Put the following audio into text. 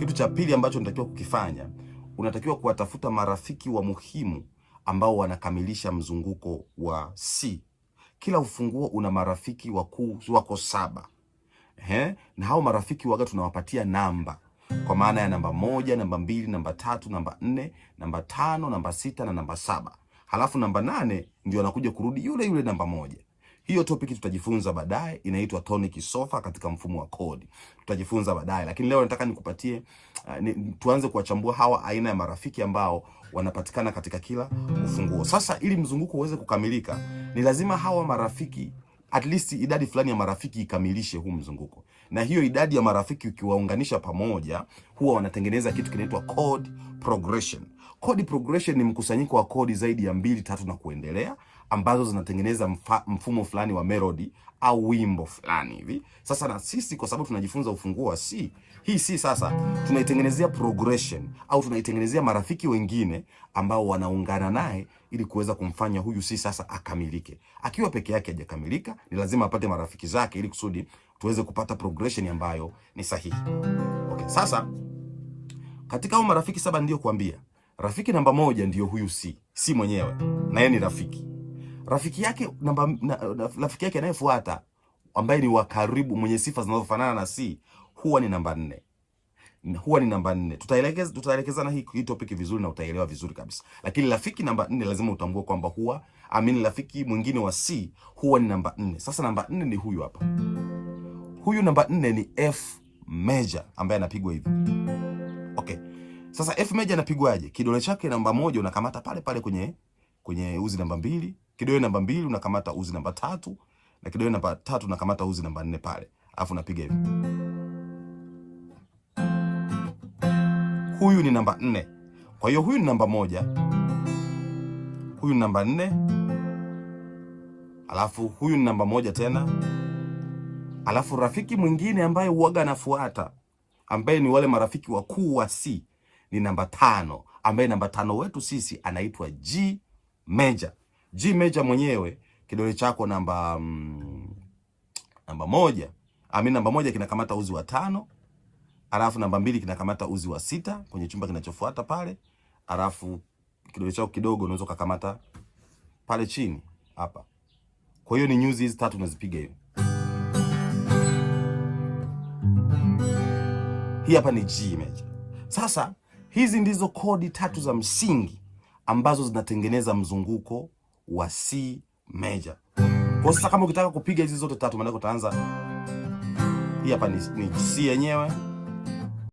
Kitu cha pili ambacho unatakiwa kukifanya, unatakiwa kuwatafuta marafiki wa muhimu ambao wanakamilisha mzunguko wa C. Kila ufunguo una marafiki wakuu wako saba. Ehe, na hao marafiki waga tunawapatia namba kwa maana ya namba moja, namba mbili, namba tatu, namba nne, namba tano, namba sita na namba saba. Halafu namba nane ndio anakuja kurudi yule yule namba moja. Hiyo topic tutajifunza baadaye, inaitwa tonic sofa katika mfumo wa kodi, tutajifunza baadaye, lakini leo nataka nikupatie uh, ni, tuanze kuwachambua hawa aina ya marafiki ambao wanapatikana katika kila ufunguo. Sasa ili mzunguko uweze kukamilika, ni lazima hawa marafiki at least idadi fulani ya marafiki ikamilishe huu mzunguko, na hiyo idadi ya marafiki ukiwaunganisha pamoja, huwa wanatengeneza kitu kinaitwa code progression. Code progression ni mkusanyiko wa kodi zaidi ya mbili, tatu na kuendelea ambazo zinatengeneza mfumo fulani wa melody au wimbo fulani hivi. Sasa na sisi kwa sababu tunajifunza ufunguo wa C, hii C sasa tunaitengenezea progression au tunaitengenezea marafiki wengine ambao wanaungana naye ili kuweza kumfanya huyu C sasa akamilike. Akiwa peke yake hajakamilika, ni lazima apate marafiki zake ili kusudi tuweze kupata progression ambayo ni sahihi. Okay, sasa katika hao marafiki saba ndio kuambia. Rafiki namba moja ndio huyu C, C mwenyewe. Na yeye ni rafiki rafiki yake namba, na, rafiki yake anayefuata ambaye ni wa karibu mwenye sifa zinazofanana na C huwa ni namba nne huwa ni namba nne. Tutaelekeza tutaelekezana hii hii topic vizuri na utaelewa vizuri kabisa, lakini rafiki namba nne lazima utambue kwamba huwa amini, rafiki mwingine wa C huwa ni namba nne. Sasa namba nne ni huyu hapa, huyu namba nne ni F major ambaye anapigwa hivi. Okay, sasa F major anapigwaje? Kidole chake namba moja unakamata pale pale kwenye kwenye uzi namba mbili kidole namba mbili unakamata uzi namba tatu na kidole namba tatu unakamata uzi namba nne pale, alafu unapiga hivi. Huyu ni namba nne, kwa hiyo huyu ni namba moja, huyu ni namba nne, alafu huyu ni namba moja tena, alafu rafiki mwingine ambaye huaga anafuata ambaye ni wale marafiki wakuu wa C ni namba tano, ambaye namba tano wetu sisi anaitwa G major. G Major mwenyewe kidole chako namba mm, namba moja amini, namba moja kinakamata uzi wa tano, alafu namba mbili kinakamata uzi wa sita kwenye chumba kinachofuata pale, alafu kidole chako kidogo unaweza kukamata pale chini hapa. Kwa hiyo ni nyuzi hizi tatu unazipiga hivi. Hii hapa ni G Major. Sasa hizi ndizo kodi tatu za msingi ambazo zinatengeneza mzunguko wa C major. Kwa sasa kama ukitaka kupiga hizi zote tatu, maana utaanza hii hapa ni, ni C yenyewe